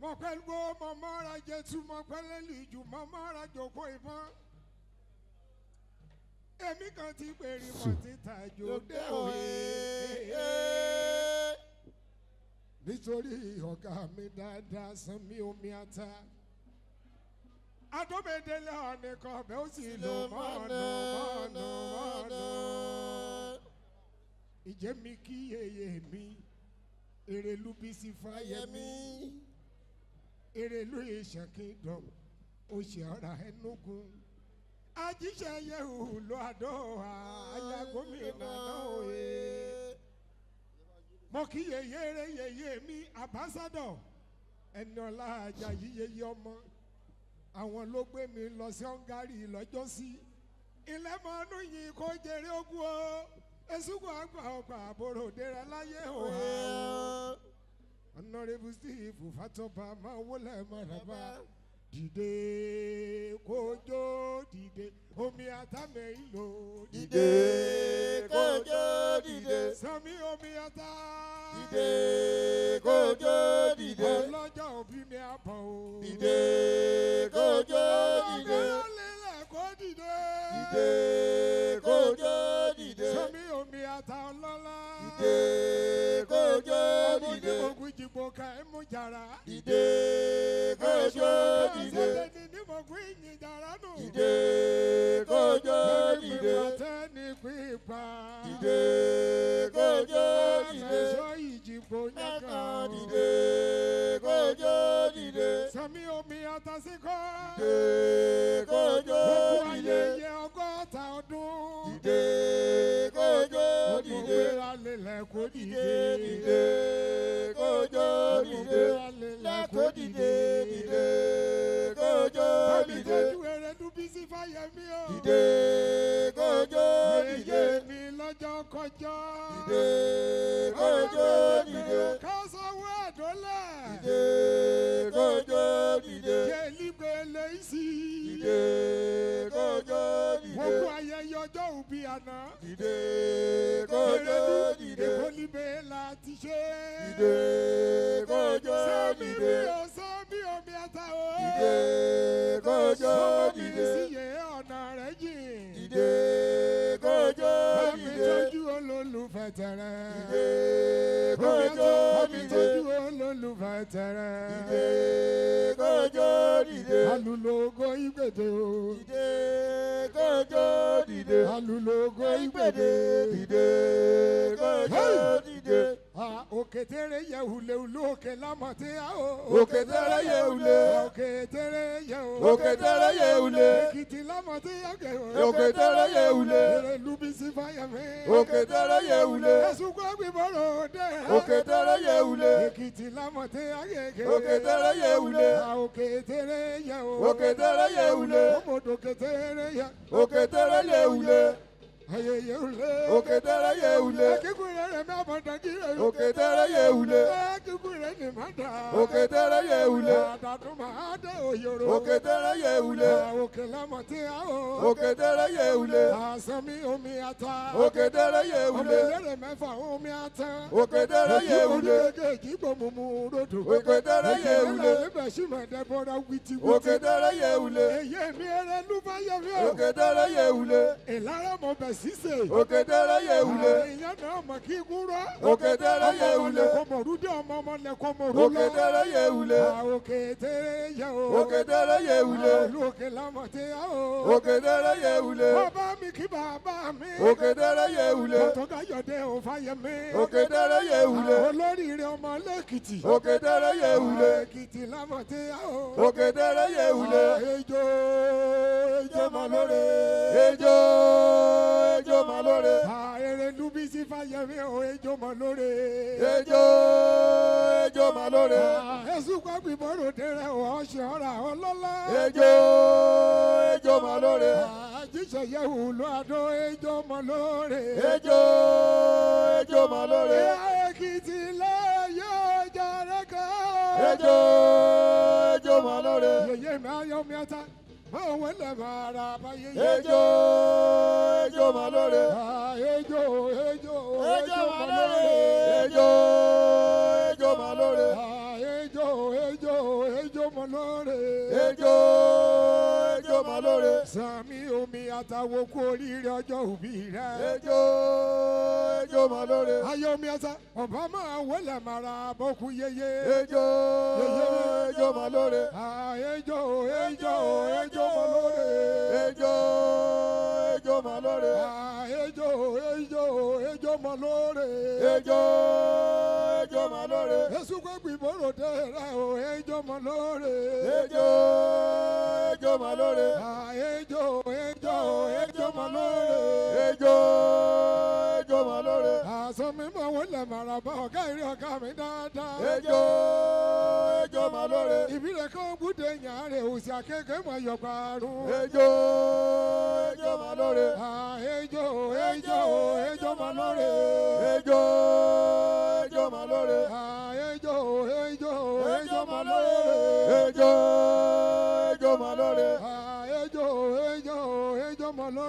mọ̀pẹ́ gbó mọ̀mọ́ ra jẹ́tú mọ̀pẹ́ lẹ́lì jù mọ̀mọ́ ra jòkó ìbọn. èmi kan ti pèrè mọ̀ títa jòdè òye. nítorí ọ̀gá mi dáadáa san mí omi ata. adómedele ọ̀nì kan ọ̀bẹ ó sì lò mọ́ọ̀nù mọ́ọ̀nù mọ́ọ̀nù. ìjẹ́ mi kí yeye mi èrè lubisi fáyemí. Erelu Ishan Kingdom Oshiora Enugu Ajíṣẹ́yẹ Ulu Adoha aya gómìnà náà mo kí yèyé eré mi ọmọ àwọn ló gbé mi lọ sí Hungary lọ́jọ́sí ilẹ̀ yìí kó jèrè ogún o Honorable Steve Fatoba máa wọlé maraba dìde kójó dìde omi àtàmẹ ìlò dìde kójó dìde sami omi ata dìde kójó dìde ọlọ́jọ́ òbí mi àbọ̀ o dìde kójó dìde ọlẹ́lẹ̀ kó dìde dìde. ìdìbò kan ẹ mú jàrá. dìde kójó dìde. sẹ́ni ní mo kú ìyìn jàrá nù. dìde kójó dìde. bẹ́ẹ̀ni mo ní pín pa. dìde kójó dìde. àmẹ́sọ ìdìbò yẹn kan. dìde kójó sami omi atasikọ. dìde kójó dìde. gbogbo ayẹyẹ ọgọ́ta ọdún. dìde kójó dìde. gbogbo ìlànà ilẹ̀ kò dìde. tẹ̀rẹ̀. Ìdè kọjọ́ dìde. Àbítójú olólùfẹ́ tẹ̀rẹ̀. Ìdè kọjọ́ dìde. Alùlógo ìgbèdè o. Ìdè kọjọ́ dìde. Alùlógo ìgbèdè. Ìdè kọjọ́ òkètèrè yẹ wùlé wùlé òkè lámọ̀tí àwò. òkètèrè yẹ wùlé. òkètèrè yẹ wùlé. òkètèrè yẹ wùlé. èkìtì lámọ̀tí àkè. òkètèrè yẹ wùlé. lùbísí fàyẹ̀mí. òkètèrè yẹ wùlé. ẹ̀sùnkọ́ gbìbọ̀rọ̀ òde. òkètèrè yẹ wùlé. èkìtì lámọ̀tí àkè. òkètèrè yẹ wùlé. òkètèrè yẹ wùlé. òkètèrè yẹ wùlé. òkètèrè yẹ wùlé ayẹyẹ wule. òkè tẹ́rẹ́ yẹ wule. akíkun rẹ̀ rẹ̀ máa bọ̀ dàgí rẹ̀ lókè. òkè tẹ́rẹ̀ yẹ wule. akíkun rẹ̀ ni máa dà. òkè tẹ́rẹ̀ yẹ wule. àtàtún máa dé òyòrò. òkè tẹ́rẹ̀ yẹ wule. òkè lámọ̀ tí a o. òkè tẹ́rẹ̀ yẹ wule. àsánmi omi ata. òkè tẹ́rẹ̀ yẹ wule. ọmọlẹ́rẹ̀ mẹ́fà omi ata. òkè tẹ́rẹ̀ yẹ wule. òkè tẹ́rẹ̀ Bashima Deborah Witi Witi. Òkèdèrè yẹ wule. Èyẹ mi ẹrẹ lúbà yẹ mi o. Òkèdèrè yẹ wule. Ìlara mọ̀ bẹ̀ sísè. Òkèdèrè yẹ wule. Ìyá náà mọ̀ kí ikú rọ. Òkèdèrè yẹ wule. Kọmọrúdé ọmọ ọmọ lẹ kọmọrú lọ. Òkèdèrè yẹ wule. Òkèdèrè yẹ o. Òkèdèrè yẹ wule. Olú òkè lámọ̀ tẹ yá o. Òkèdèrè yẹ wule. Bàbá mi kí bàbá mi. Òkèdèrè yẹ wule. Ọ̀tọ̀gá yọ̀dẹ̀ òfa yẹ mi. Òkèdèrè yẹ wule. Olórí rẹ̀ ọmọ lẹ́kìtì. Òkèdèrè yẹ wule. Èkìtì lámọ̀ kọ̀tí àwọ̀. ògèdèrè ejo, ejo ejò mọ ejo, ejo ejò mọ lóore. àìrè dúbí sí fàyẹ̀mí o ejò mọ ejo, ejo ejò mọ lóore. ẹ̀sùn gbàgbé bọ́rọ̀ dẹrẹ ọ̀ṣẹ̀ ọ̀rà ọlọ́lá. ejo, ejò mọ lóore. àjíṣe yẹ̀wù ló àdó ejò mọ lóore. ejò ejò mọ lóore. èkìtì lẹ́yìn ọjà rẹ̀ kan. ejo, yéjó mọ lóore. yèyé mi ayọ̀ mi ata mọ òwe lè mọ ara bá yéyé. yéjó yéjó mọ lóore. yéjó yéjó yéjó mọ lóore. yéjó yéjó mọ lóore mọ lóore. ejò ejò mọ lóore. sàmì omi àtàwọn kú oríire ọjọ́ òbí rẹ. ejò ejò mọ lóore. ayé omi ẹsẹ. ọba máa wọlé mara bọ́kú yeye. ejò Ejo, mọ lóore. ejò ejo, ejo, mọ lóore. Ejo, ejo mọ lóore. ejo, ejo, ejo mọ lóore. ejò jọmọ lóore. Jésù kò gbìn bòrò tẹ̀ra o, ẹ jọmọ lóore. Ejò ẹ jọmọ lóore. Ejò ejò ẹ jọmọ lóore. Ejò ẹ jọmọ lóore. Àṣọ mi mọ̀ wọ́n lẹ̀ màràbà ọ̀gá ìrí ọ̀gá mi dáadáa. Ejò ẹ jọmọ lóore. Ìbílẹ̀ kan gbúdẹ̀ yàn rẹ̀ òsì akẹ́kẹ́ mọ̀ yọ̀gbà àrùn. Ejò ẹ jọmọ lóore. Ejò ejò ẹ jọmọ lóore.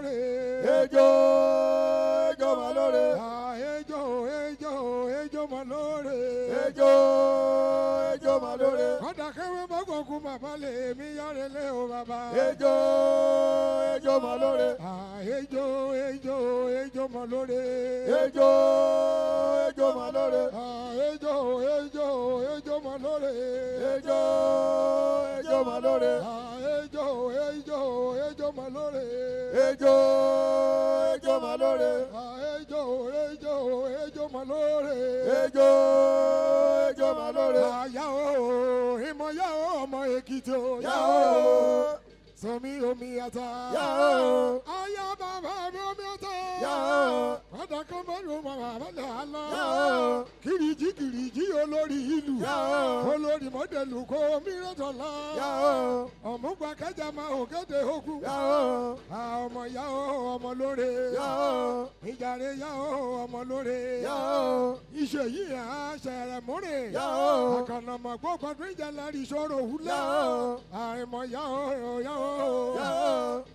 lóore. ejò ejò mà ah, lóore. ejò ejò ejò mà lóore. ejò ejò mà lóore. kọ́dà kẹ́wé bọ́gọ̀gùn bàbá lè mí yọ̀rẹ̀ lé o bàbá. ejò ejò mà lóore. ejò ejò ejò mà lóore. ejò ejò mà lóore. ejò ejò ejò mà lóore. ejò ejò mà lóore. Ejo, ejo, mà lóore. Ejo, ejo mà lóore. Ah, ejo, ejo, ejo mà lóore. ejo ejò mà lóore. àyà o ìmọ̀ yà o ọmọ èkìtì o. yà o. omi ata. yà o. àyà yá. kọ́dà kan mẹ́rin mọ̀ àbálẹ̀ àlọ́. kìrìjì kìrìjì olórí ìlú. olórí mọ́dẹ̀lù kó mìíràn tọ̀la. ọ̀mùgbà kẹjà máa ò kéde okú. ọmọ yá o ọmọ lóore. ìjàre yá o ọmọ lóore. iṣẹ́ yìí á ṣẹ̀rẹ̀ múre. àkànnà mọ̀ gbọ́kọ̀dún ìjà lárí ìṣòro òwúlẹ̀. àìmọ̀ yá o yá o.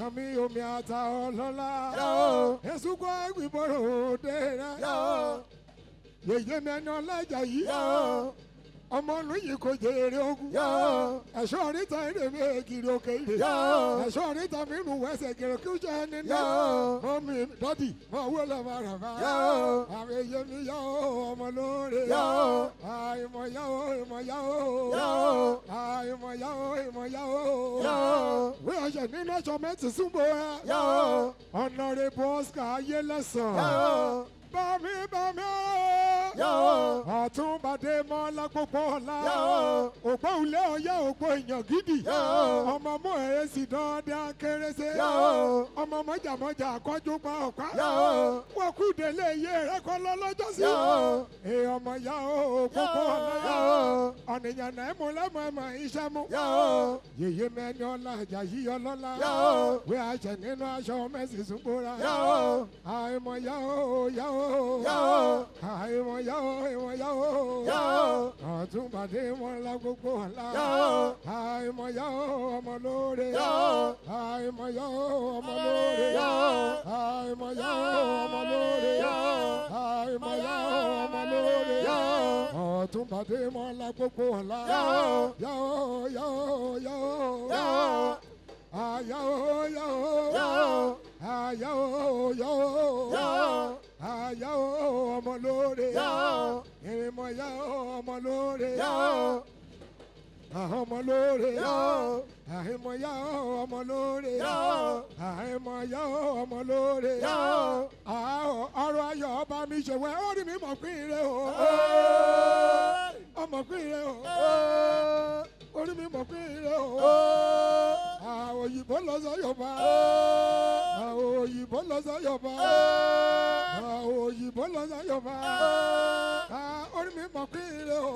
sami omi ata ọlọ́lá ẹ̀sùnkọ́ ìgbìmọ̀ràn òde rẹ̀ yèyé mẹ́ni ọlájà yìí ọmọ lóyè kò jèrè ogun. ẹ̀ṣọ́ oríta èrè mi ègìrì òkè ilé. ẹ̀ṣọ́ oríta mi nù wẹ́sẹ̀ gèrè kí ó jẹ́ ẹni náà. mọ mi dọ́dì mọ owó lọ máa rà bá. àmì iye mi yá o ọmọ lóore. àìmọ̀ yá o ìmọ̀ yá o. àìmọ̀ yá o ìmọ̀ yá o. wí ọ̀sẹ̀ ní nọ́ọ̀sọ̀mẹ́ntì súnbọ̀ ẹ. ọ̀nà rẹ̀ bọ́ọ̀sì kà á yé lẹ́sàn-án. bá mi bá mi àtúbàdé mọ́lá gbogbo ọ̀la ògbó ilé ọ̀yá ògbó èèyàn gidi ọmọ mú ẹ̀rẹ́ sí dandan kérésì ọmọ mọ́jàmọ́jà àkọ́jú pa ọ̀pá wọ́kùdélé iye rẹ̀ kọ́ lọ́lọ́jọ́ sí èèyàn ọmọ yá ògbógbó ọ̀la ọ̀nìyàn náà mú lẹ́mọ̀ ẹ̀mọ̀ iṣẹ́ mú yèyé mẹ́ni ọ̀la àjà yí ọlọ́la wí àṣẹ nínú aṣọ mẹ́sì sùn gbóra àìmọ̀ yá ó yá ó ìwọ̀n yá o ìwọ̀n yá o yá o àtúbàdé wọn la gbogbo ọ̀la yá o àìmọ̀ yá o ọmọ lóore yá o àìmọ̀ yá o ọmọ lóore yá o àìmọ̀ yá o ọmọ lóore yá o àìmọ̀ yá o ọmọ lóore yá o àtúbàdé wọn la gbogbo ọ̀la yá o yá o yá o yá o yá o àyà o yá o yá o àyà o yá o yá o yá o ọmọ lóore yá o ìrìnmọ̀ yá o ọmọ lóore yá o àwọn ọmọ lóore yá o àìmọ̀ yá o ọmọ lóore yá o àìmọ̀ yá o ọmọ lóore yá o àwọ̀ ọrọ̀ ayọ̀ ọba mi ṣèwẹ́ ó rí mi mọ̀ pín ire o ọmọ pín ire o orí mi mọ̀ pín ire o. Eh. àwọn òyìnbó lọ sáyọ̀bá eh. àwọn òyìnbó lọ sáyọ̀bá eh. àwọn òyìnbó lọ sáyọ̀bá orí mi mọ̀ pín ire o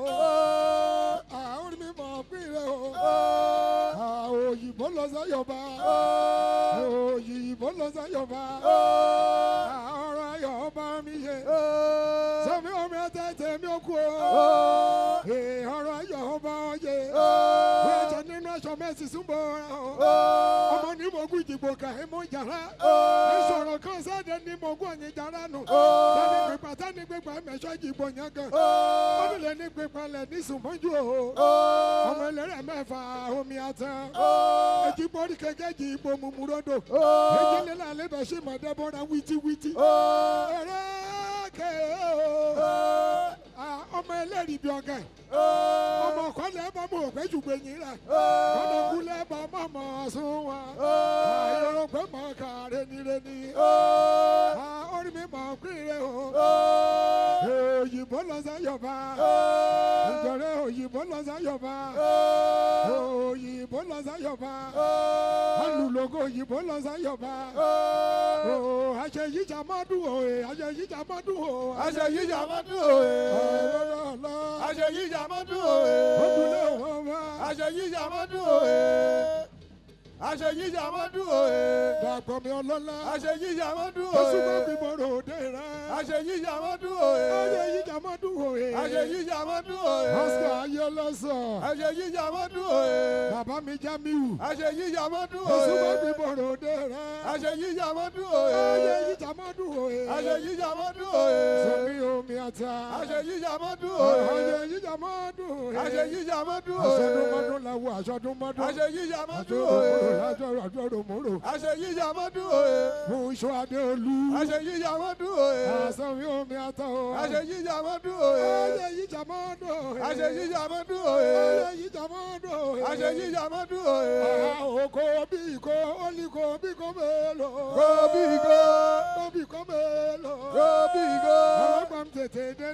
orí mi mọ̀ pín ire o àwọn òyìnbó lọ sáyọ̀bá àwọn òyìnbó lọ sáyọ̀bá ọ̀rọ̀ ayọ̀ ọba mi yẹ sọmi omi ẹtẹ mi okú o ọ̀rọ̀ ayọ̀ ọba ọyẹ wẹ́ẹ́tẹ̀. mẹ́sìsúnbọ̀ oh. ọmọ ní mọ̀gùn ìdìbò kàhímọ̀ jàrá ìṣòro oh. kan sáde ní mọ̀gùn ọ̀yìn jàrá nù tani oh. pípa tani pípa mẹ́sọ̀ ìdìbò yẹn gan ọdúnlẹ̀ ní pípa lẹ̀ ní sùnmọ́jú o ọmọ ẹlẹ́rẹ̀ mẹ́fà omi àtàn ìdìbò orí kẹ̀kẹ́ jì ìbò ọmọ ẹlẹ́rìí bí ọ̀gá ẹ̀ ọmọ ọ̀kọ́ lẹ́ẹ̀bà mọ̀ ògbẹ́jù rẹ̀ ọmọ ọkú lẹ́ẹ̀bà mọ̀ mọ̀ wa àìrò pé mọ̀ ọ̀kà rẹ̀ nírẹ̀ ni ọ̀pìnrẹ́ o. òyìnbó lọ sáyọ̀bá. ìjọ̀rẹ́ òyìnbó lọ sáyọ̀bá. òyìnbó lọ sáyọ̀bá. alùlógo òyìnbó lọ sáyọ̀bá. àṣeyíjà mọ́dún o. Eh, àṣeyíjà mọ́dún o. Eh. àṣeyíjà mọ́dún o. Eh. ọ̀lọ́lọ́lọ́. àṣeyíjà mọ́dún o. ó dúró wọn wá. àṣeyíjà mọ́dún o àṣeyí sàmọ́dù òye. dàgbọ́n mi ọlọ́lá. àṣeyí sàmọ́dù òye. lọ́sùnmọ́ mi mo rò dé rẹ. àṣeyí sàmọ́dù òye. àṣeyí sàmọ́dù òye. àṣeyí sàmọ́dù òye. Oscar ayọlọ́sọ. àṣeyí sàmọ́dù òye. bàbá mi Jamiu. àṣeyí sàmọ́dù òye. lọ́sùnmọ́ mi mo rò dé rẹ. àṣeyí sàmọ́dù òye. àṣeyí sàmọ́dù òye. àṣeyí sàmọ́dù òye. sọmi omi ata. àṣeyí sàmọ́dù òye. àṣeyí sàmọ́dù òye. àṣeyí sàmọ́dù òye. àṣọdúnmọ́dún làwọn àṣọdúnmọ́dún. àṣeyí sàmọ́dù òye lájọ àjọrò mòrò. àṣeyíyí amadu òye. fúnṣọ adéolú. àṣeyíyí amadu òye. àṣeyíyí omi atọ. àṣeyíyí amadu òye. àṣeyíyí jamadu òye. àṣeyíyí amadu òye. àṣeyíyí jamadu òye. àṣeyíyí amadu òye. òkò bí kò olè ko bí ko mélòó. kò bí kò. kò bí ko. mélòó. kò bí kò. ọlọ́gbọ̀n tètè dẹnu